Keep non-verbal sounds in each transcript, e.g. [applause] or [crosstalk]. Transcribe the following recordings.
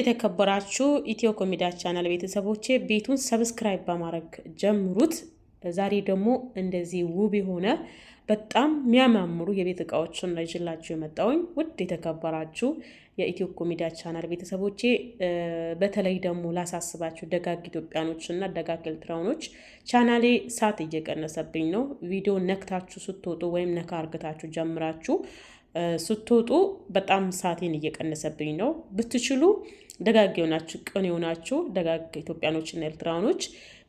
የተከበራችሁ ኢትዮ ኮሚዲያ ቻናል ቤተሰቦቼ ቤቱን ሰብስክራይብ በማድረግ ጀምሩት። ዛሬ ደግሞ እንደዚህ ውብ የሆነ በጣም የሚያማምሩ የቤት እቃዎችን ይዤላችሁ የመጣውኝ ውድ የተከበራችሁ የኢትዮ ኮሚዲያ ቻናል ቤተሰቦቼ፣ በተለይ ደግሞ ላሳስባችሁ ደጋግ ኢትዮጵያኖች እና ደጋግ ኤርትራኖች ቻናሌ ሳት እየቀነሰብኝ ነው። ቪዲዮ ነክታችሁ ስትወጡ ወይም ነካ አርግታችሁ ጀምራችሁ ስትወጡ በጣም ሰዓቴን እየቀነሰብኝ ነው። ብትችሉ ደጋግ የሆናችሁ ቅን የሆናችሁ ደጋግ ኢትዮጵያኖችና ኤርትራኖች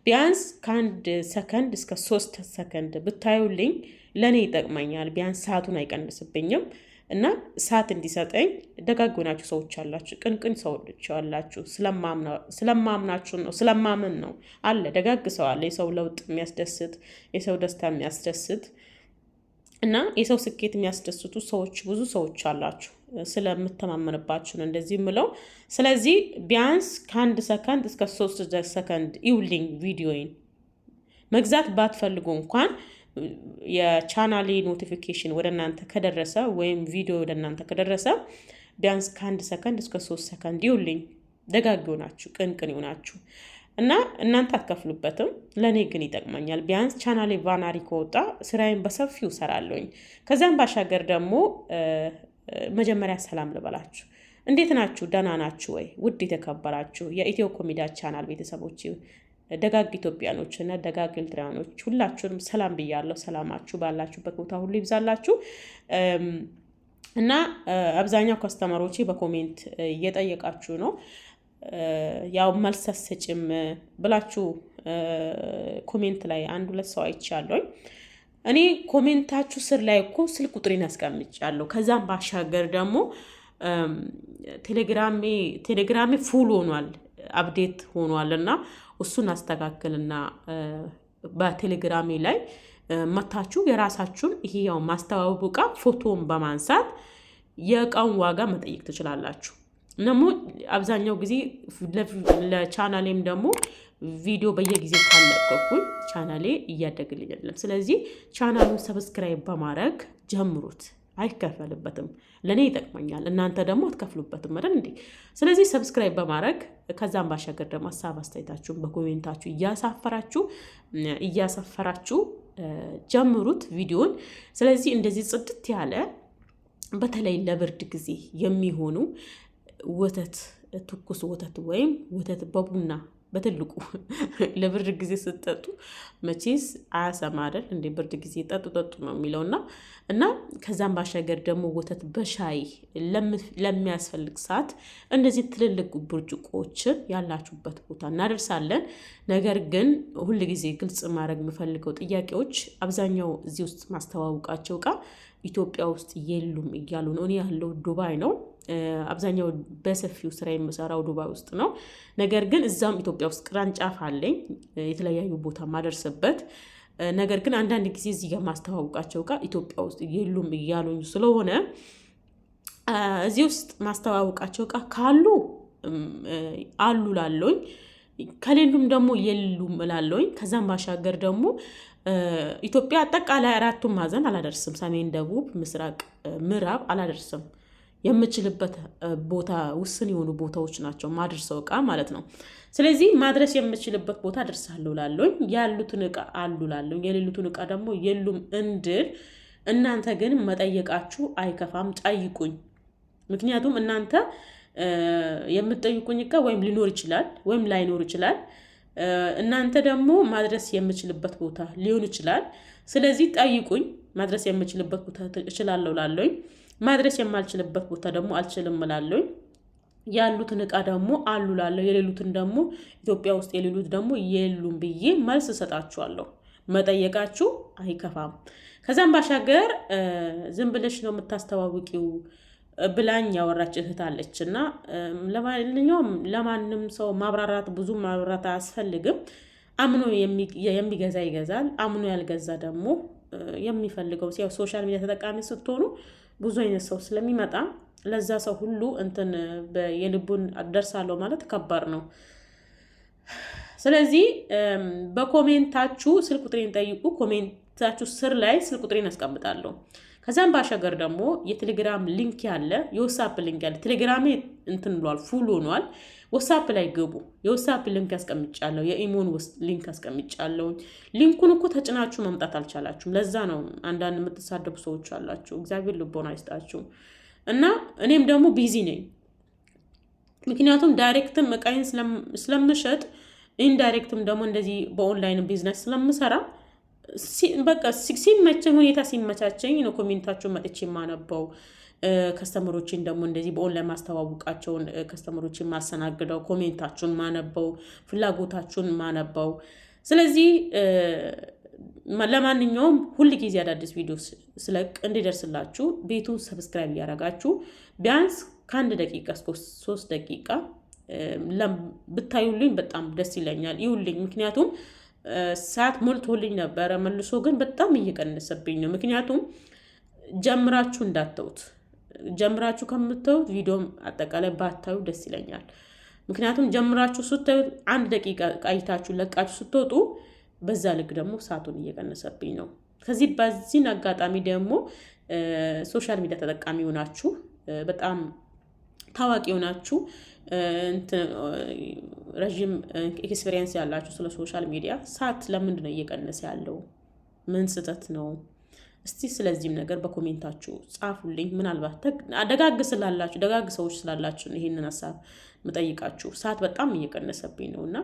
ቢያንስ ከአንድ ሰከንድ እስከ ሶስት ሰከንድ ብታዩልኝ ለእኔ ይጠቅመኛል። ቢያንስ ሰዓቱን አይቀንስብኝም እና ሰዓት እንዲሰጠኝ ደጋግ የሆናችሁ ሰዎች አላችሁ፣ ቅንቅን ሰዎች አላችሁ። ስለማምናችሁ ነው፣ ስለማምን ነው። አለ ደጋግ ሰው አለ፣ የሰው ለውጥ የሚያስደስት የሰው ደስታ የሚያስደስት እና የሰው ስኬት የሚያስደስቱ ሰዎች ብዙ ሰዎች አላችሁ ስለምተማመንባችሁ ነው እንደዚህ የምለው። ስለዚህ ቢያንስ ከአንድ ሰከንድ እስከ ሶስት ሰከንድ ይውልኝ ቪዲዮይን መግዛት ባትፈልጉ እንኳን የቻናሌ ኖቲፊኬሽን ወደ እናንተ ከደረሰ ወይም ቪዲዮ ወደ እናንተ ከደረሰ ቢያንስ ከአንድ ሰከንድ እስከ ሶስት ሰከንድ ይውልኝ። ደጋግ ይሆናችሁ፣ ቅንቅን ይሆናችሁ። እና እናንተ አትከፍሉበትም፣ ለእኔ ግን ይጠቅመኛል። ቢያንስ ቻናሌ ቫናሪ ከወጣ ስራዬን በሰፊው ሰራለኝ። ከዚያም ባሻገር ደግሞ መጀመሪያ ሰላም ልበላችሁ። እንዴት ናችሁ? ደህና ናችሁ ወይ? ውድ የተከበራችሁ የኢትዮ ኮሚዲያ ቻናል ቤተሰቦች ደጋግ ኢትዮጵያኖች እና ደጋግ ኤርትራውያኖች ሁላችሁንም ሰላም ብያለሁ። ሰላማችሁ ባላችሁበት ቦታ ሁሉ ይብዛላችሁ። እና አብዛኛው ከስተመሮቼ በኮሜንት እየጠየቃችሁ ነው ያው መልስ አትሰጭም ብላችሁ ኮሜንት ላይ አንድ ሁለት ሰው አይቻለሁኝ። እኔ ኮሜንታችሁ ስር ላይ እኮ ስልክ ቁጥሬን አስቀምጫለሁ። ከዛም ባሻገር ደግሞ ቴሌግራሜ ፉል ሆኗል፣ አፕዴት ሆኗል እና እሱን አስተካክልና በቴሌግራሜ ላይ መታችሁ የራሳችሁን ይሄ ያው ማስተዋወቁ ዕቃ ፎቶን በማንሳት የእቃውን ዋጋ መጠየቅ ትችላላችሁ። ደግሞ አብዛኛው ጊዜ ለቻናሌም ደግሞ ቪዲዮ በየጊዜ ካለቀኩኝ ቻናሌ እያደግልኝ አይደለም። ስለዚህ ቻናሉን ሰብስክራይብ በማድረግ ጀምሩት። አይከፈልበትም። ለእኔ ይጠቅመኛል፣ እናንተ ደግሞ አትከፍሉበትም አይደል እንዴ? ስለዚህ ሰብስክራይብ በማድረግ ከዛም ባሻገር ደግሞ ሀሳብ አስተያየታችሁን በኮሜንታችሁ እያሳፈራችሁ እያሰፈራችሁ ጀምሩት ቪዲዮን። ስለዚህ እንደዚህ ጽድት ያለ በተለይ ለብርድ ጊዜ የሚሆኑ ወተት ትኩስ ወተት ወይም ወተት በቡና በትልቁ [laughs] ለብርድ ጊዜ ስትጠጡ መቼስ አያሰማ አይደል እንደ ብርድ ጊዜ ጠጡ ጠጡ ነው የሚለውና እና ከዛም ባሻገር ደግሞ ወተት በሻይ ለሚያስፈልግ ሰዓት እንደዚህ ትልልቅ ብርጭቆችን ያላችሁበት ቦታ እናደርሳለን። ነገር ግን ሁል ጊዜ ግልጽ ማድረግ የምፈልገው ጥያቄዎች አብዛኛው እዚህ ውስጥ ማስተዋወቃቸው ቃ ኢትዮጵያ ውስጥ የሉም እያሉ ነው። እኔ ያለው ዱባይ ነው። አብዛኛው በሰፊው ስራ የምሰራው ዱባይ ውስጥ ነው። ነገር ግን እዛም ኢትዮጵያ ውስጥ ቅርንጫፍ አለኝ የተለያዩ ቦታ ማደርስበት ነገር ግን አንዳንድ ጊዜ እዚህ የማስተዋውቃቸው እቃ ኢትዮጵያ ውስጥ የሉም እያሉኝ ስለሆነ እዚህ ውስጥ ማስተዋወቃቸው እቃ ካሉ አሉ ላለኝ ከሌሉም ደግሞ የሉም ላለኝ። ከዛም ባሻገር ደግሞ ኢትዮጵያ አጠቃላይ አራቱም ማዕዘን አላደርስም። ሰሜን፣ ደቡብ፣ ምስራቅ፣ ምዕራብ አላደርስም። የምችልበት ቦታ ውስን የሆኑ ቦታዎች ናቸው ማድርሰው እቃ ማለት ነው። ስለዚህ ማድረስ የምችልበት ቦታ ደርሳለሁ ላለኝ ያሉትን እቃ አሉ ላለኝ የሌሉትን እቃ ደግሞ የሉም እንድል እናንተ ግን መጠየቃችሁ አይከፋም፣ ጠይቁኝ። ምክንያቱም እናንተ የምትጠይቁኝ እቃ ወይም ሊኖር ይችላል ወይም ላይኖር ይችላል። እናንተ ደግሞ ማድረስ የምችልበት ቦታ ሊሆን ይችላል። ስለዚህ ጠይቁኝ። ማድረስ የምችልበት ቦታ እችላለሁ ላለኝ ማድረስ የማልችልበት ቦታ ደግሞ አልችልም እላለሁኝ። ያሉትን እቃ ደግሞ አሉ ላለሁ የሌሉትን ደግሞ ኢትዮጵያ ውስጥ የሌሉት ደግሞ የሉም ብዬ መልስ እሰጣችኋለሁ። መጠየቃችሁ አይከፋም። ከዛም ባሻገር ዝም ብለሽ ነው የምታስተዋውቂው ብላኝ ያወራች እህት አለች እና ለማንኛውም ለማንም ሰው ማብራራት ብዙ ማብራራት አያስፈልግም። አምኖ የሚገዛ ይገዛል። አምኖ ያልገዛ ደግሞ የሚፈልገው ሶሻል ሚዲያ ተጠቃሚ ስትሆኑ ብዙ አይነት ሰው ስለሚመጣ ለዛ ሰው ሁሉ እንትን የልቡን ደርሳለሁ ማለት ከባድ ነው። ስለዚህ በኮሜንታችሁ ስልክ ቁጥሬን ጠይቁ። ኮሜንታችሁ ስር ላይ ስልክ ቁጥሬን አስቀምጣለሁ። ከዛም ባሻገር ደግሞ የቴሌግራም ሊንክ ያለ የወሳፕ ሊንክ ያለ ቴሌግራሜ እንትን ብሏል፣ ፉል ሆኗል። ወሳፕ ላይ ገቡ። የወሳፕ ሊንክ ያስቀምጫለሁ፣ የኢሞን ሊንክ ያስቀምጫለሁ። ሊንኩን እኮ ተጭናችሁ መምጣት አልቻላችሁም። ለዛ ነው አንዳንድ የምትሳደቡ ሰዎች አላችሁ። እግዚአብሔር ልቦን አይስጣችሁም። እና እኔም ደግሞ ቢዚ ነኝ፣ ምክንያቱም ዳይሬክትም እቃይን ስለምሸጥ ኢንዳይሬክትም ደግሞ እንደዚህ በኦንላይን ቢዝነስ ስለምሰራ በቃ ሲመቸኝ ሁኔታ ሲመቻቸኝ ነው ኮሜንታቸውን መጥቼ የማነበው። ከስተመሮችን ደግሞ እንደዚህ በኦንላይን ማስተዋወቃቸውን ከስተመሮችን ማስተናግደው ኮሜንታችሁን ማነበው ፍላጎታችሁን ማነበው። ስለዚህ ለማንኛውም ሁል ጊዜ አዳዲስ ቪዲዮ ስለቅ እንዲደርስላችሁ ቤቱ ሰብስክራይብ እያደረጋችሁ ቢያንስ ከአንድ ደቂቃ እስከ ሶስት ደቂቃ ብታዩልኝ በጣም ደስ ይለኛል። ይሁልኝ ምክንያቱም ሰዓት ሞልቶልኝ ነበረ። መልሶ ግን በጣም እየቀነሰብኝ ነው። ምክንያቱም ጀምራችሁ እንዳተውት ጀምራችሁ ከምተውት ቪዲዮም አጠቃላይ ባታዩ ደስ ይለኛል። ምክንያቱም ጀምራችሁ ስታዩት አንድ ደቂቃ ቃይታችሁ ለቃችሁ ስትወጡ፣ በዛ ልክ ደግሞ ሰዓቱን እየቀነሰብኝ ነው። ከዚህ በዚህን አጋጣሚ ደግሞ ሶሻል ሚዲያ ተጠቃሚ ሆናችሁ በጣም ታዋቂ ሆናችሁ ረዥም ኤክስፔሪየንስ ያላችሁ ስለ ሶሻል ሚዲያ ሳት ለምንድን ነው እየቀነሰ ያለው? ምን ስህተት ነው? እስቲ ስለዚህም ነገር በኮሜንታችሁ ጻፉልኝ። ምናልባት ደጋግ ስላላችሁ ደጋግ ሰዎች ስላላችሁ ይሄንን ሀሳብ ምጠይቃችሁ። ሰዓት በጣም እየቀነሰብኝ ነው እና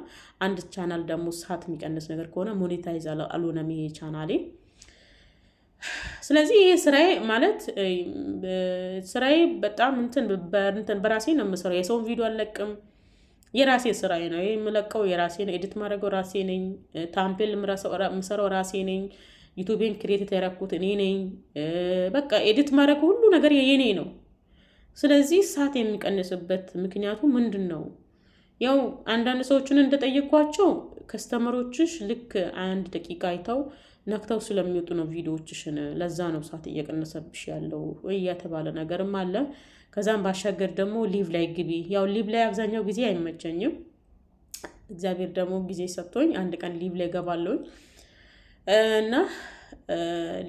አንድ ቻናል ደግሞ ሰዓት የሚቀንስ ነገር ከሆነ ሞኔታይዝ አልሆነም ይሄ ቻናሌ ስለዚህ ይህ ስራዬ ማለት ስራዬ በጣም እንትን በራሴ ነው የምሰራው። የሰውን ቪዲዮ አልለቅም። የራሴ ስራዬ ነው የምለቀው። የራሴ ነው ኤዲት ማድረገው ራሴ ነኝ። ታምፔል የምሰራው ራሴ ነኝ። ዩቱቤን ክሬት ያደረኩት እኔ ነኝ። በቃ ኤዲት ማድረግ ሁሉ ነገር የኔ ነው። ስለዚህ ሰዓት የሚቀንስበት ምክንያቱ ምንድን ነው? ያው አንዳንድ ሰዎችን እንደጠየኳቸው ከስተመሮችሽ ልክ አንድ ደቂቃ አይተው ነክተው ስለሚወጡ ነው ቪዲዮዎችሽን። ለዛ ነው ሰዓት እየቀነሰብሽ ያለው እያተባለ ነገርም አለ። ከዛም ባሻገር ደግሞ ሊቭ ላይ ግቢ። ያው ሊቭ ላይ አብዛኛው ጊዜ አይመቸኝም። እግዚአብሔር ደግሞ ጊዜ ሰጥቶኝ አንድ ቀን ሊቭ ላይ ገባለሁኝ እና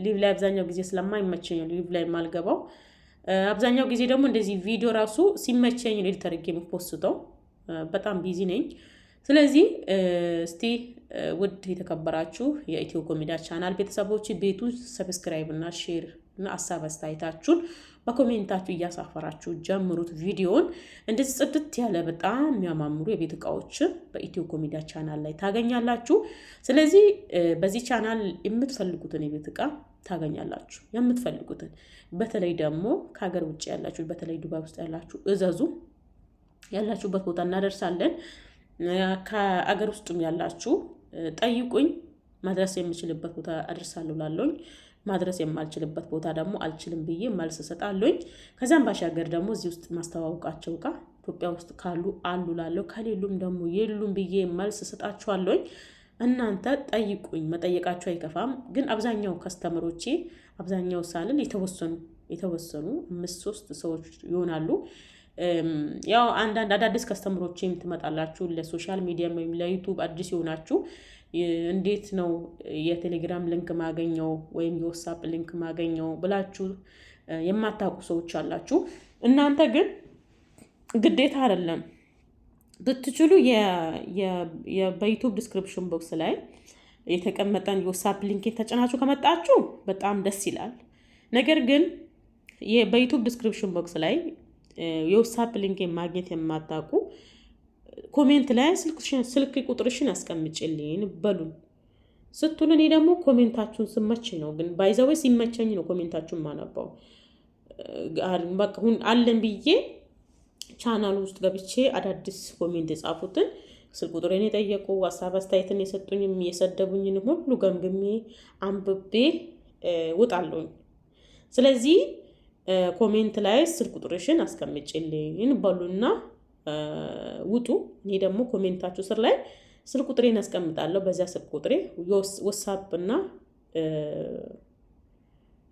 ሊቭ ላይ አብዛኛው ጊዜ ስለማይመቸኝ ሊቭ ላይ የማልገባው አብዛኛው ጊዜ ደግሞ እንደዚህ ቪዲዮ ራሱ ሲመቸኝ ኤዲት አድርጌ የምፖስተው በጣም ቢዚ ነኝ። ስለዚህ እስቲ ውድ የተከበራችሁ የኢትዮ ኮሜዲያ ቻናል ቤተሰቦች ቤቱ ሰብስክራይብ እና ሼር እና አሳብ አስተያየታችሁን በኮሜንታችሁ እያሳፈራችሁ ጀምሩት። ቪዲዮን እንደዚህ ጽድት ያለ በጣም የሚያማምሩ የቤት እቃዎችን በኢትዮ ኮሜዲያ ቻናል ላይ ታገኛላችሁ። ስለዚህ በዚህ ቻናል የምትፈልጉትን የቤት እቃ ታገኛላችሁ። የምትፈልጉትን በተለይ ደግሞ ከሀገር ውጭ ያላችሁ፣ በተለይ ዱባይ ውስጥ ያላችሁ እዘዙ። ያላችሁበት ቦታ እናደርሳለን። ከአገር ውስጡም ያላችሁ ጠይቁኝ። ማድረስ የምችልበት ቦታ አድርሳለሁ ላለኝ ማድረስ የማልችልበት ቦታ ደግሞ አልችልም ብዬ መልስ እሰጣለኝ። ከዚያም ባሻገር ደግሞ እዚህ ውስጥ ማስተዋወቃቸው ጋር ኢትዮጵያ ውስጥ ካሉ አሉ ላለው ከሌሉም ደግሞ የሉም ብዬ መልስ እሰጣችኋለኝ። እናንተ ጠይቁኝ፣ መጠየቃችሁ አይከፋም። ግን አብዛኛው ከስተመሮቼ አብዛኛው ሳልን የተወሰኑ የተወሰኑ አምስት ሶስት ሰዎች ይሆናሉ ያው አንዳንድ አዳዲስ ከስተምሮች ትመጣላችሁ ለሶሻል ሚዲያ ወይም ለዩቱብ አዲስ የሆናችሁ እንዴት ነው የቴሌግራም ሊንክ ማገኘው ወይም የወሳፕ ሊንክ ማገኘው ብላችሁ የማታውቁ ሰዎች አላችሁ። እናንተ ግን ግዴታ አይደለም። ብትችሉ በዩቱብ ዲስክሪፕሽን ቦክስ ላይ የተቀመጠን የወሳፕ ሊንክ ተጭናችሁ ከመጣችሁ በጣም ደስ ይላል። ነገር ግን በዩቱብ ዲስክሪፕሽን ቦክስ ላይ የውሳፕ ሊንኬን ማግኘት የማታውቁ ኮሜንት ላይ ስልክ ቁጥርሽን አስቀምጭልኝ በሉን ስትሉ እኔ ደግሞ ኮሜንታችሁን ስመች ነው ግን ባይዘወይ ሲመቸኝ ነው ኮሜንታችሁን ማነባው። በቃ ሁን አለን ብዬ ቻናል ውስጥ ገብቼ አዳዲስ ኮሜንት የጻፉትን ስልክ ቁጥሬን የጠየቁ ሀሳብ አስተያየትን የሰጡኝም የሰደቡኝን ሁሉ ገምግሜ አንብቤ ውጣለሁኝ። ስለዚህ ኮሜንት ላይ ስልክ ቁጥርሽን አስቀምጭልኝ በሉና ውጡ። እኔ ደግሞ ኮሜንታችሁ ስር ላይ ስልክ ቁጥሬን አስቀምጣለሁ። በዚያ ስልክ ቁጥሬ ወሳፕ እና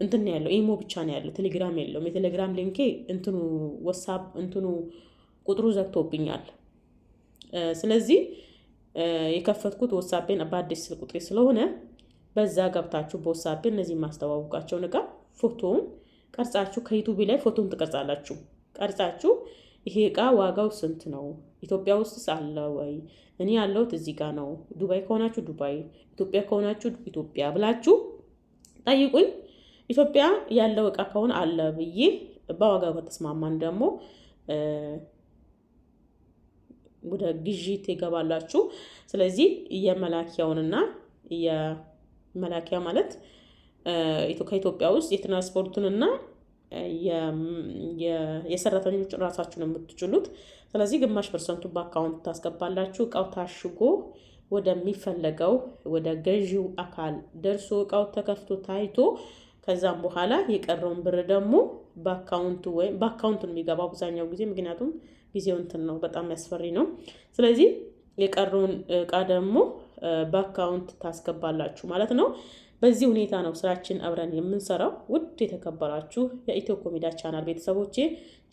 እንትን ያለው ኢሞ ብቻ ነው ያለው፣ ቴሌግራም የለውም። የቴሌግራም ሊንኬ እንትኑ ወሳፕ እንትኑ ቁጥሩ ዘግቶብኛል። ስለዚህ የከፈትኩት ወሳፔን በአዲስ ስልክ ቁጥሬ ስለሆነ በዛ ገብታችሁ በወሳፔ እነዚህ የማስተዋውቃቸውን እቃ ፎቶውን ቀርጻችሁ ከዩቱብ ላይ ፎቶን ትቀርጻላችሁ። ቀርጻችሁ ይሄ እቃ ዋጋው ስንት ነው? ኢትዮጵያ ውስጥስ አለ ወይ? እኔ ያለሁት እዚህ ጋር ነው። ዱባይ ከሆናችሁ ዱባይ፣ ኢትዮጵያ ከሆናችሁ ኢትዮጵያ ብላችሁ ጠይቁኝ። ኢትዮጵያ ያለው እቃ ከሆነ አለ ብዬ በዋጋው ከተስማማን ደግሞ ወደ ግዢ ትገባላችሁ። ስለዚህ የመላኪያውንና የመላኪያ ማለት ከኢትዮጵያ ውስጥ የትራንስፖርቱንና የሰራተኞች ራሳችሁ ነው የምትችሉት። ስለዚህ ግማሽ ፐርሰንቱ በአካውንት ታስገባላችሁ። እቃው ታሽጎ ወደሚፈለገው ወደ ገዢው አካል ደርሶ እቃው ተከፍቶ ታይቶ ከዛም በኋላ የቀረውን ብር ደግሞ በአካውንቱ ወይም በአካውንቱ የሚገባው አብዛኛው ጊዜ ምክንያቱም ጊዜው እንትን ነው፣ በጣም ያስፈሪ ነው። ስለዚህ የቀረውን እቃ ደግሞ በአካውንት ታስገባላችሁ ማለት ነው። በዚህ ሁኔታ ነው ስራችን አብረን የምንሰራው። ውድ የተከበራችሁ የኢትዮ ኮሜዲያ ቻናል ቤተሰቦቼ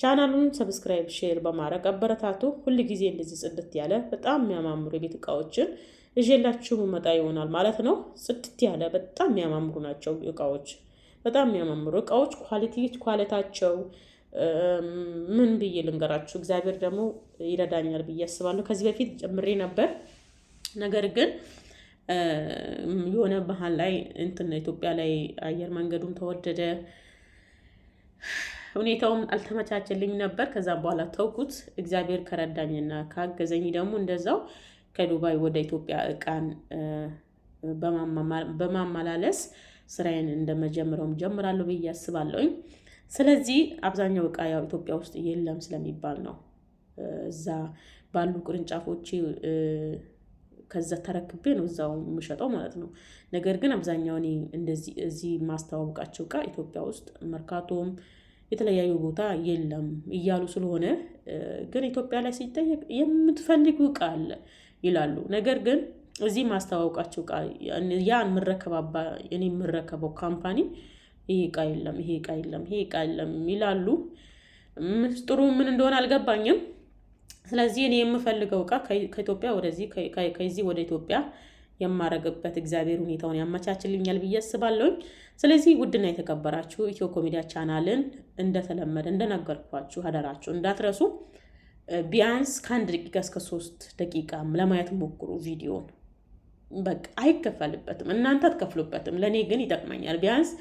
ቻናሉን ሰብስክራይብ፣ ሼር በማድረግ አበረታቱ። ሁል ጊዜ እንደዚህ ጽድት ያለ በጣም የሚያማምሩ የቤት እቃዎችን እዤላችሁ መጣ ይሆናል ማለት ነው። ጽድት ያለ በጣም የሚያማምሩ ናቸው እቃዎች፣ በጣም የሚያማምሩ እቃዎች ኳሊቲ ኳሊታቸው ምን ብዬ ልንገራችሁ። እግዚአብሔር ደግሞ ይረዳኛል ብዬ አስባለሁ። ከዚህ በፊት ጨምሬ ነበር ነገር ግን የሆነ ባህል ላይ እንትን ኢትዮጵያ ላይ አየር መንገዱም ተወደደ፣ ሁኔታውም አልተመቻቸልኝ ነበር። ከዛም በኋላ ተውኩት። እግዚአብሔር ከረዳኝና ካገዘኝ ደግሞ እንደዛው ከዱባይ ወደ ኢትዮጵያ እቃን በማመላለስ ስራዬን እንደመጀመሪያውም ጀምራለሁ ብዬ አስባለሁኝ። ስለዚህ አብዛኛው እቃ ያው ኢትዮጵያ ውስጥ የለም ስለሚባል ነው እዛ ባሉ ቅርንጫፎች ከዛ ተረክቤ ነው እዛው የምሸጠው ማለት ነው። ነገር ግን አብዛኛው እንደዚህ እዚህ ማስተዋወቃቸው እቃ ኢትዮጵያ ውስጥ መርካቶም የተለያዩ ቦታ የለም እያሉ ስለሆነ ግን ኢትዮጵያ ላይ ሲጠየቅ የምትፈልጉ እቃ አለ ይላሉ። ነገር ግን እዚህ ማስተዋወቃቸው እቃ ያ የምረከባባ እኔ የምረከበው ካምፓኒ ይሄ እቃ የለም፣ ይሄ እቃ የለም፣ ይሄ እቃ የለም ይላሉ። ምስጢሩ ምን እንደሆነ አልገባኝም። ስለዚህ እኔ የምፈልገው እቃ ከኢትዮጵያ ወደዚህ ከዚህ ወደ ኢትዮጵያ የማረግበት እግዚአብሔር ሁኔታውን ያመቻችልኛል ብዬ አስባለሁኝ። ስለዚህ ውድና የተከበራችሁ ኢትዮ ኮሚዲያ ቻናልን እንደተለመደ እንደነገርኳችሁ አደራችሁ እንዳትረሱ። ቢያንስ ከአንድ ደቂቃ እስከ ሶስት ደቂቃ ለማየት ሞክሩ ቪዲዮን። በቃ አይከፈልበትም፣ እናንተ አትከፍሉበትም። ለእኔ ግን ይጠቅመኛል። ቢያንስ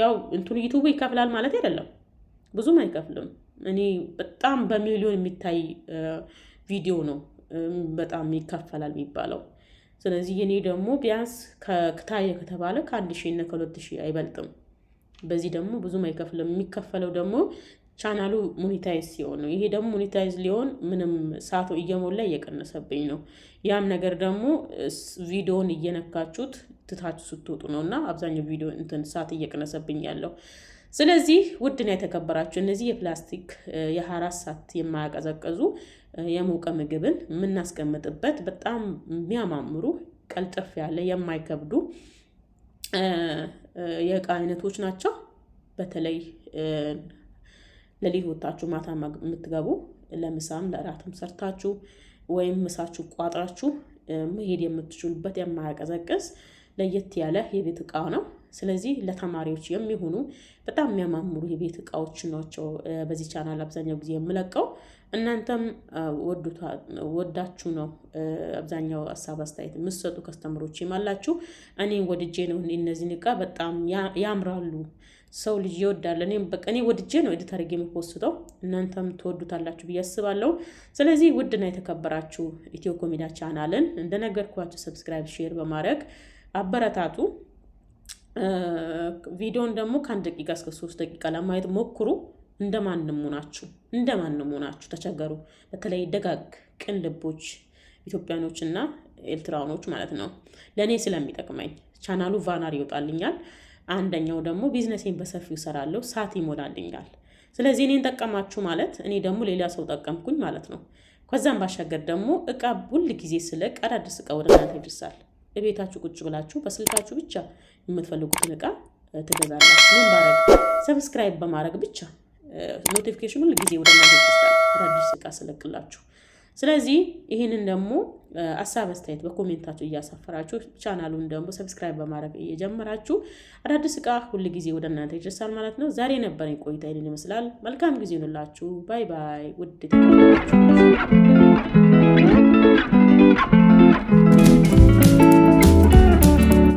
ያው እንትኑ ዩቱቡ ይከፍላል ማለት አይደለም፣ ብዙም አይከፍልም። እኔ በጣም በሚሊዮን የሚታይ ቪዲዮ ነው በጣም ይከፈላል የሚባለው። ስለዚህ እኔ ደግሞ ቢያንስ ከታየ ከተባለ ከአንድ ሺህ እና ከሁለት ሺህ አይበልጥም። በዚህ ደግሞ ብዙም አይከፍልም። የሚከፈለው ደግሞ ቻናሉ ሞኔታይዝ ሲሆን ነው። ይሄ ደግሞ ሞኔታይዝ ሊሆን ምንም ሰዓቱ እየሞላ እየቀነሰብኝ ነው። ያም ነገር ደግሞ ቪዲዮን እየነካችሁት ትታችሁ ስትወጡ ነው እና አብዛኛው ቪዲዮ እንትን ሰዓት እየቀነሰብኝ ያለው ስለዚህ ውድና የተከበራችሁ እነዚህ የፕላስቲክ የአራት ሰዓት የማያቀዘቅዙ የሞቀ ምግብን የምናስቀምጥበት በጣም የሚያማምሩ ቀልጥፍ ያለ የማይከብዱ የእቃ አይነቶች ናቸው። በተለይ ለሊት ወጣችሁ ማታ የምትገቡ ለምሳም ለእራትም ሰርታችሁ ወይም ምሳችሁ ቋጥራችሁ መሄድ የምትችሉበት የማያቀዘቅዝ ለየት ያለ የቤት እቃ ነው። ስለዚህ ለተማሪዎች የሚሆኑ በጣም የሚያማምሩ የቤት እቃዎች ናቸው በዚህ ቻናል አብዛኛው ጊዜ የምለቀው። እናንተም ወዳችሁ ነው አብዛኛው ሀሳብ አስተያየት የምትሰጡ ከስተምሮች አላችሁ። እኔ ወድጄ ነው እነዚህን እቃ በጣም ያምራሉ። ሰው ልጅ ይወዳል። እኔም በቃ እኔ ወድጄ ነው ኤዲት አድርጌ የምፖስተው እናንተም ትወዱታላችሁ ብዬ አስባለሁ። ስለዚህ ውድና የተከበራችሁ ኢትዮ ኮሜዲያ ቻናልን እንደነገርኳቸው ሰብስክራይብ፣ ሼር በማድረግ አበረታቱ። ቪዲዮን ደግሞ ከአንድ ደቂቃ እስከ ሶስት ደቂቃ ለማየት ሞክሩ። እንደ ማንሙ ናችሁ፣ እንደ ማንሙ ናችሁ። ተቸገሩ። በተለይ ደጋግ ቅን ልቦች ኢትዮጵያኖች እና ኤርትራኖች ማለት ነው። ለእኔ ስለሚጠቅመኝ ቻናሉ ቫናር ይወጣልኛል። አንደኛው ደግሞ ቢዝነሴን በሰፊው ይሰራለሁ፣ ሳት ይሞላልኛል። ስለዚህ እኔን ጠቀማችሁ ማለት እኔ ደግሞ ሌላ ሰው ጠቀምኩኝ ማለት ነው። ከዛም ባሻገር ደግሞ እቃ ሁል ጊዜ ስለ ቀዳድስ እቃ ወደ እናንተ ይደርሳል። እቤታችሁ ቁጭ ብላችሁ በስልካችሁ ብቻ የምትፈልጉትን እቃ ትገዛላችሁ። ምን ባረግ ሰብስክራይብ በማድረግ ብቻ ኖቲፊኬሽን ሁል ጊዜ ወደ እናንተ አዳዲስ እቃ ስለቅላችሁ። ስለዚህ ይህንን ደግሞ አሳብ አስተያየት በኮሜንታችሁ እያሳፈራችሁ ቻናሉን ደግሞ ሰብስክራይብ በማድረግ እየጀመራችሁ አዳዲስ እቃ ሁል ጊዜ ወደ እናንተ ይደርሳል ማለት ነው። ዛሬ የነበረኝ ቆይታ ይህንን ይመስላል። መልካም ጊዜ ይሁንላችሁ። ባይ ባይ ውድ